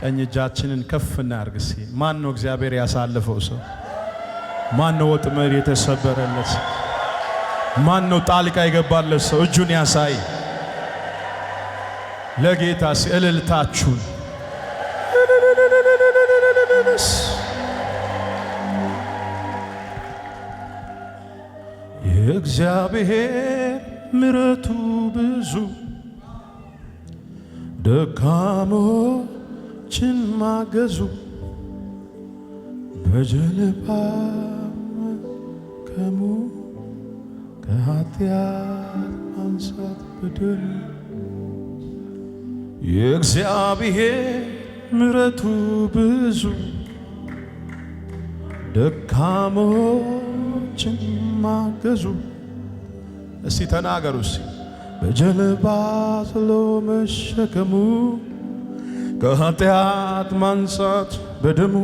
ቀኝ እጃችንን ከፍ እናርግ። እስኪ ማን ነው እግዚአብሔር ያሳለፈው ሰው? ማን ነው ወጥመድ የተሰበረለት? ማን ነው ጣልቃ የገባለት ሰው? እጁን ያሳይ ለጌታ እስኪ እልልታችሁን የእግዚአብሔር ምረቱ ብዙ ደካሞ ሌሎችን ማገዙ በጀልባ መከሙ ከኃጢአት ማንሳት በደል የእግዚአብሔር ምረቱ ብዙ ደካሞችን ማገዙ እስቲ ተናገሩ ሲ በጀልባ ስሎ መሸከሙ ከኃጢአት ማንሳት በደሙ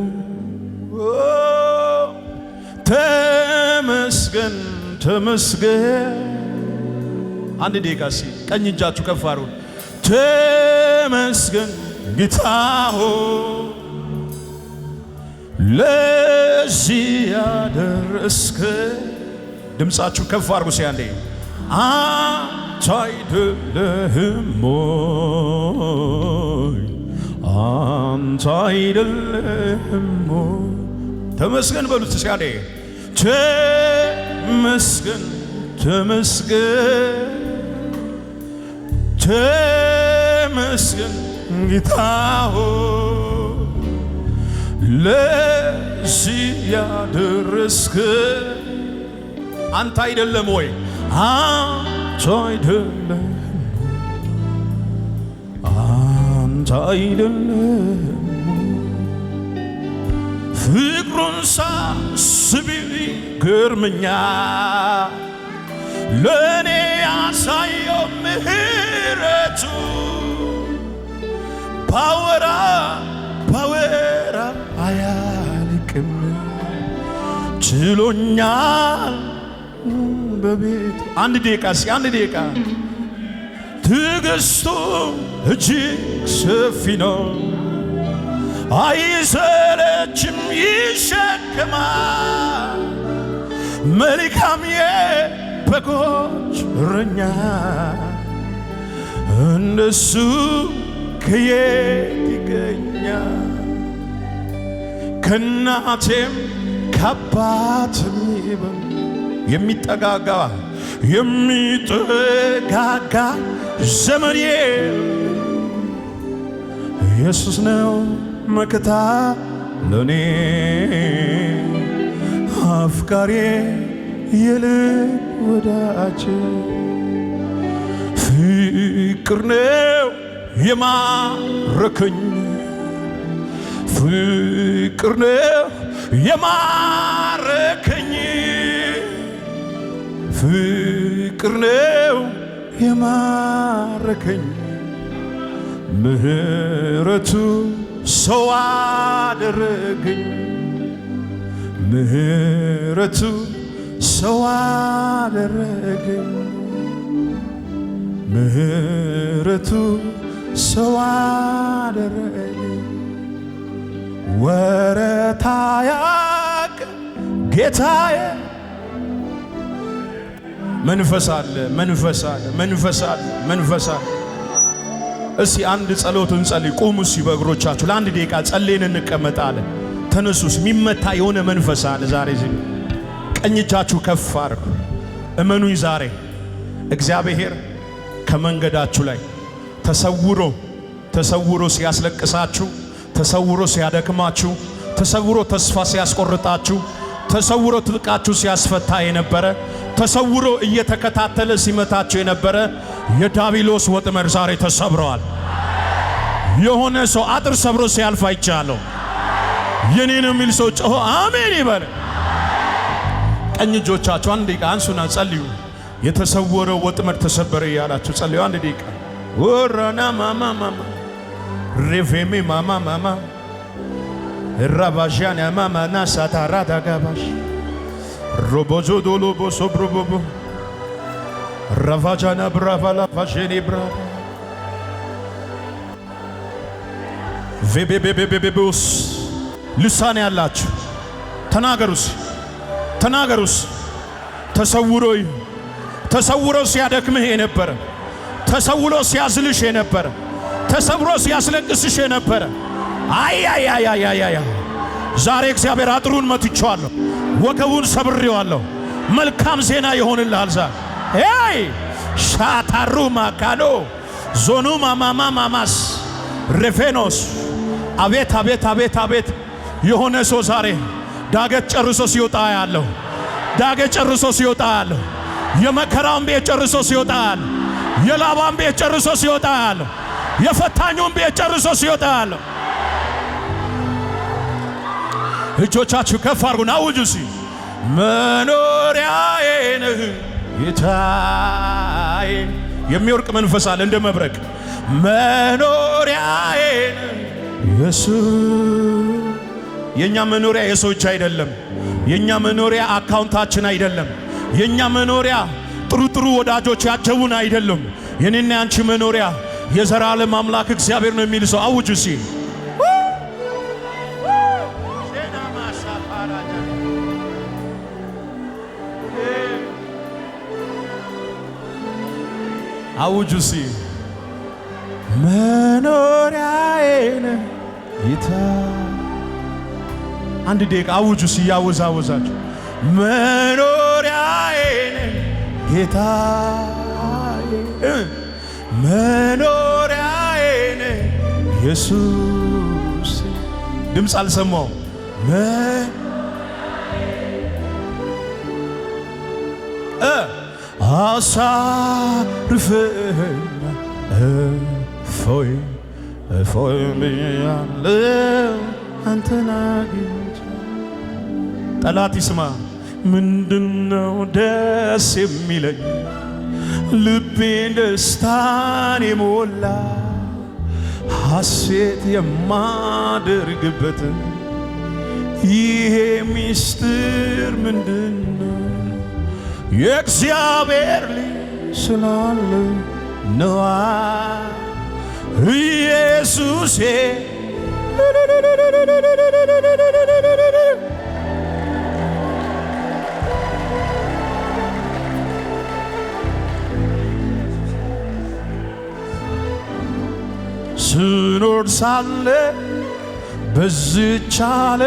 ተመስገን ተመስገን። አንድ ደቂቃ ሲ ቀኝ እጃችሁ ከፍ አድርጉ። ተመስገን ጌታ ሆይ ለዚህ ያደረስከ። ድምፃችሁ ከፍ አድርጉ። ሲ አንዴ አንተ አይደለህም ሞይ አንተ አይደለም ተመስገን በሉት ሲያዴ ተመስገን ተመስገን ተመስገን ጌታ ሆይ ለዚህ ያደረስክ አንተ አይደለም ወይ አንተ አይደለም አንተ አይደለም ፍቅሩን ሳስብ ገርምኛ ለእኔ ያሳየው ምህረቱ ባወራ ባወራ አያልቅም ችሎኛል በቤት አንድ ደቂቃ እስኪ አንድ ደቂቃ ትዕግሥቱ እጅግ ሰፊ ነው። አይሰለችም ይሸከማል። መልካም የበጎች እረኛ እንደሱ ከየት ይገኛል? ከእናቴም ከአባትም የሚበልጥ የሚጠጋጋ የሚጠጋጋ ዘመዴ ኢየሱስ ነው መከታ ለኔ አፍቃሬ የልብ ወዳጄ ፍቅር ነው የማረከኝ ፍቅር ነው የማረከኝ ፍቅር ነው የማረከኝ ምሕረቱ ሰው አደረገኝ ምህረቱ ሰው አደረገኝ ምሕረቱ ሰው አደረገኝ ወረታ ያቅ ጌታዬ መንፈስ አለ፣ መንፈስ አለ፣ መንፈስ አለ፣ መንፈስ አለ። እስቲ አንድ ጸሎት እንጸልይ። ቁሙ እስቲ በእግሮቻችሁ ለአንድ ደቂቃ ጸልየን እንቀመጣለን። ተነሱስ። የሚመታ የሆነ መንፈስ አለ ዛሬ እዚህ። ቀኝ እጃችሁ ከፍ አድርጉ። እመኑኝ ዛሬ እግዚአብሔር ከመንገዳችሁ ላይ ተሰውሮ ተሰውሮ ሲያስለቅሳችሁ፣ ተሰውሮ ሲያደክማችሁ፣ ተሰውሮ ተስፋ ሲያስቆርጣችሁ፣ ተሰውሮ ትጥቃችሁ ሲያስፈታ የነበረ ተሰውሮ እየተከታተለ ሲመታቸው የነበረ የዳቢሎስ ወጥመድ ዛሬ ተሰብረዋል። የሆነ ሰው አጥር ሰብሮ ሲያልፍ አይቻለሁ። የኔ ነው የሚል ሰው ጮሆ አሜን ይበል። ቀኝ እጆቻችሁ አንድ ደቂቃ አንሱና ጸልዩ። የተሰወረው ወጥመድ ተሰበረ እያላችሁ ጸልዩ። አንድ ደቂቃ ወራና ማማ ማማ ሬቬሜ ማማ ማማ ራባዣን ማማና ሳታራ ዳጋባሽ ሮቦዞ ዶሎቦ ሶብሮቦቦ ራቫጃና ብራቫላ ቫሼኔ ብራ ቬቤቤቤቤቤስ ልሳን ያላችሁ ተናገሩስ ተናገሩስ ተሰውሮ ተሰውሮ ሲያደክምህ የነበረ ተሰውሮ ሲያዝልሽ የነበረ ተሰብሮ ሲያስለቅስሽ የነበረ አያያያያያያ ዛሬ እግዚአብሔር አጥሩን መትቼዋለሁ፣ ወገቡን ሰብሬዋለሁ። መልካም ዜና ይሆንልሃል። ዛሬ ይ ሻታሩ ማካሎ ዞኑ ማማማ ማማስ ሬፌኖስ አቤት አቤት አቤት አቤት የሆነ ሰው ዛሬ ዳገት ጨርሶ ሲወጣ ያለው ዳገት ጨርሶ ሲወጣ ያለው የመከራውን ቤት ጨርሶ ሲወጣ ያለው የላባን ቤት ጨርሶ ሲወጣ ያለው የፈታኙን ቤት ጨርሶ ሲወጣ ያለው እጆቻችሁ ከፍ አርጉና አውጁ። ሲ መኖሪያዬን ጌታዬ የሚወርቅ መንፈስ አለ እንደ መብረቅ መኖሪያዬን ኢየሱስ። የእኛ መኖሪያ የሰዎች አይደለም። የእኛ መኖሪያ አካውንታችን አይደለም። የእኛ መኖሪያ ጥሩ ጥሩ ወዳጆች ያጀቡን አይደለም። የኔና ያንቺ መኖሪያ የዘራለም አምላክ እግዚአብሔር ነው የሚል ሰው አውጁ ሲ አውጁ ሲ መኖሪያዬን ጌታ አንድ ደቂቃ አውጁ ሲ ያወዛወዛችሁ መኖሪያዬን ጌታ መኖሪያዬን ኢየሱስ ድምፅ አልሰማው እ አሳርፈኛ እፎይ እፎይ ብያለው አንተን አግኝቼ ጠላት ይስማ ምንድነው ደስ የሚለኝ ልቤ ደስታን የሞላ ሐሴት የማደርግበትን ይሄ ሚስጥር ምንድነው? የእግዚአብሔር ልጅ ስላለ ነዋ ኢየሱሴ ስኖር ሳለ በዝቻለ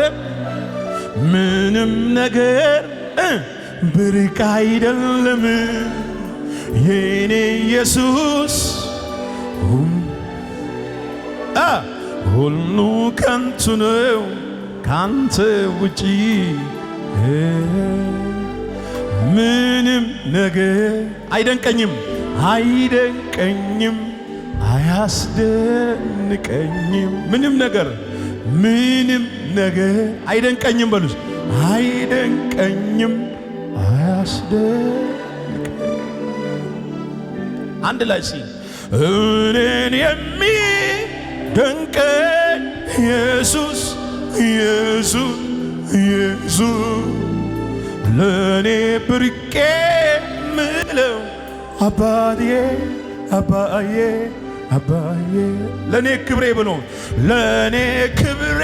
ምንም ነገር ብርቅ አይደለም የኔ ኢየሱስ ሁሉ ከንቱ ነው ካንተ ውጪ ምንም ነገር አይደንቀኝም አይደንቀኝም አያስደንቀኝም ምንም ነገር ምንም ነገር አይደንቀኝም በሉስ አይደንቀኝም አስደንቅ አንድ ላይ ሲ እኔን የሚደንቀኝ ኢየሱስ ኢየሱስ ኢየሱስ ለእኔ ብርቄ ምለው አባዬ አባዬ አባዬ ለእኔ ክብሬ ብሎ ለእኔ ክብሬ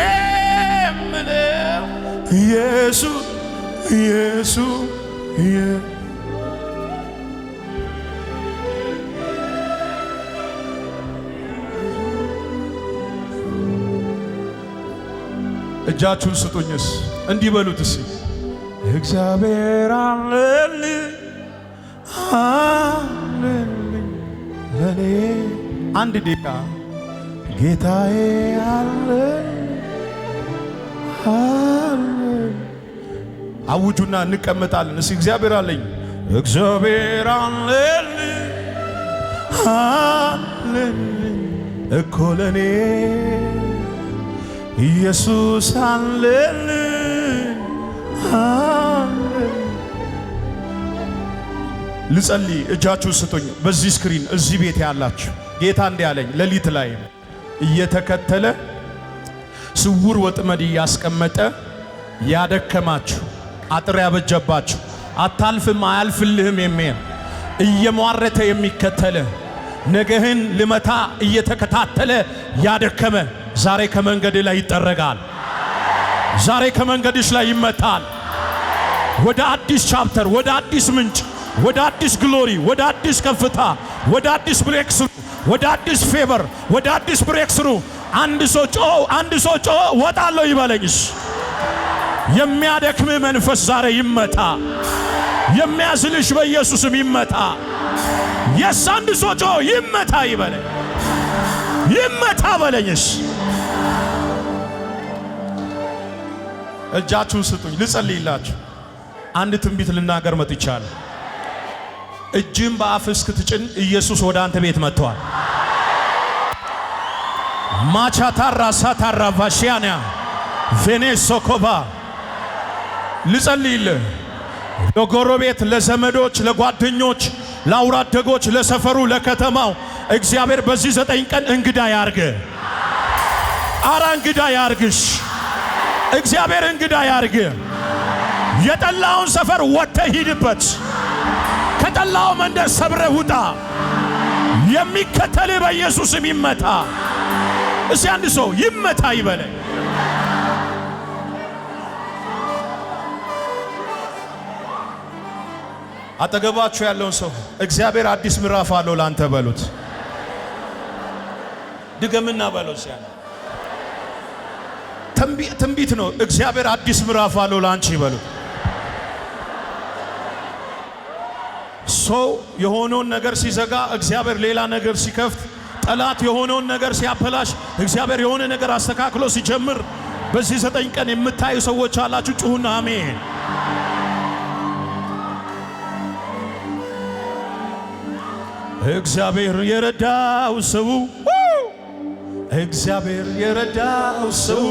ምለው ኢየሱስ ኢየሱስ እጃችሁን ስጡኝስ እንዲህ በሉት እግዚአብሔር አለልኝ አለልኝ ለኔ አንድ ደቂቃ ጌታዬ አውጁና እንቀመጣለን። እስ እግዚአብሔር አለኝ፣ እግዚአብሔር አለኝ አለኝ እኮ ለኔ ኢየሱስ አለኝ ልጸልይ፣ እጃችሁ ስጡኝ። በዚህ ስክሪን እዚህ ቤት ያላችሁ ጌታ እንዲህ አለኝ፣ ሌሊት ላይ እየተከተለ ስውር ወጥመድ እያስቀመጠ ያደከማችሁ አጥር ያበጀባችሁ አታልፍም አያልፍልህም የሚል እየሟረተ የሚከተለ ነገህን ልመታ እየተከታተለ ያደከመ ዛሬ ከመንገድ ላይ ይጠረጋል። ዛሬ ከመንገድሽ ላይ ይመታል። ወደ አዲስ ቻፕተር፣ ወደ አዲስ ምንጭ፣ ወደ አዲስ ግሎሪ፣ ወደ አዲስ ከፍታ፣ ወደ አዲስ ብሬክስሩ፣ ወደ አዲስ ፌቨር፣ ወደ አዲስ ብሬክስሩ። አንድ ሰው ጮ አንድ ሰው ጮ ወጣለሁ ይበለኝስ የሚያደክም መንፈስ ዛሬ ይመታ። የሚያዝልሽ በኢየሱስም ይመታ። የሳንድ ሶጮ ይመታ ይበለኝ፣ ይመታ በለኝስ። እጃችሁን ስጡኝ ልጸልይላችሁ። አንድ ትንቢት ልናገር መጥቻለሁ። እጅም በአፍ እስክትጭን ኢየሱስ ወደ አንተ ቤት መጥቷል። ማቻታራ ሳታራ ቫሽያንያ ቬኔሶኮባ ልጸልይልህ ለጎረቤት፣ ለዘመዶች፣ ለጓደኞች፣ ለአውራደጎች፣ ለሰፈሩ፣ ለከተማው እግዚአብሔር በዚህ ዘጠኝ ቀን እንግዳ ያርገ። አራ እንግዳ ያርግሽ። እግዚአብሔር እንግዳ ያርገ። የጠላውን ሰፈር ወጥተህ ሂድበት። ከጠላው መንደር ሰብረህ ውጣ። የሚከተልህ በኢየሱስም ይመታ። እስቲ አንድ ሰው ይመታ ይበለኝ። አጠገባችሁ ያለውን ሰው እግዚአብሔር አዲስ ምዕራፍ አለው ላንተ በሉት። ድገምና በሉት። ያ ትንቢት ነው። እግዚአብሔር አዲስ ምዕራፍ አለው ላንቺ በሉት። ሰው የሆነውን ነገር ሲዘጋ እግዚአብሔር ሌላ ነገር ሲከፍት፣ ጠላት የሆነውን ነገር ሲያበላሽ እግዚአብሔር የሆነ ነገር አስተካክሎ ሲጀምር በዚህ ዘጠኝ ቀን የምታዩ ሰዎች አላችሁ። ጩሁና አሜን። እግዚአብሔር የረዳው ሰው እግዚአብሔር የረዳው ሰው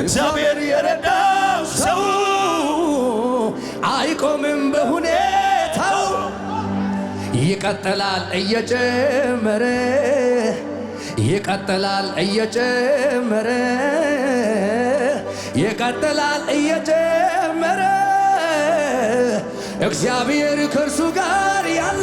እግዚአብሔር የረዳው ሰው አይቆምም በሁኔታው ይቀጥላል እየጨመረ ይቀጥላል እየጨመረ ይቀጥላል እየጨመረ እግዚአብሔር ከእርሱ ጋር ያለ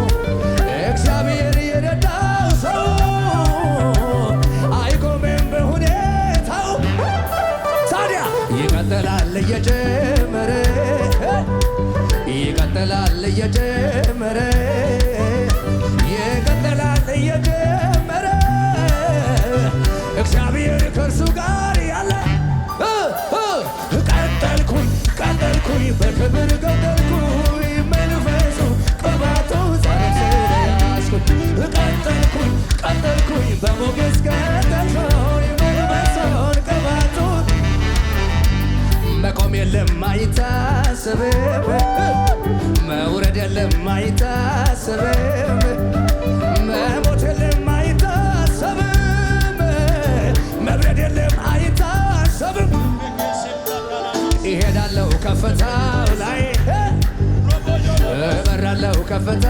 አይታሰብም፣ መውረድ የለም አይታሰብም፣ መሞት የለም አይታሰብም፣ መብረድ የለም አይታሰብም። ይሄዳለው ከፍታው ላይ እበራለው ከፍታ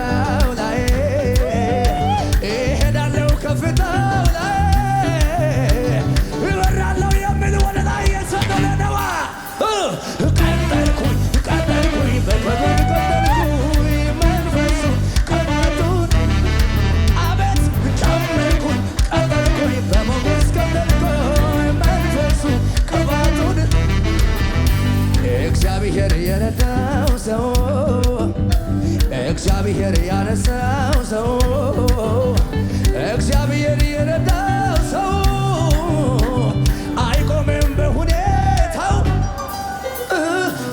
እግዚአብሔር የረዳው ሰው እግዚአብሔር ያነሳው ሰው እግዚአብሔር የረዳው ሰው አይቆምም በሁኔታው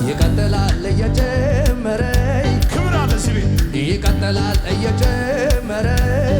ይቀጥላል እየጀመረ ይቀጥላል እየጀመረ